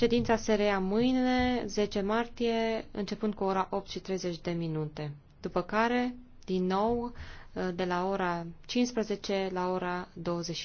Ședința se reia mâine, 10 martie, începând cu ora 8 și 30 de minute. După care, din nou, de la ora 15 la ora 20.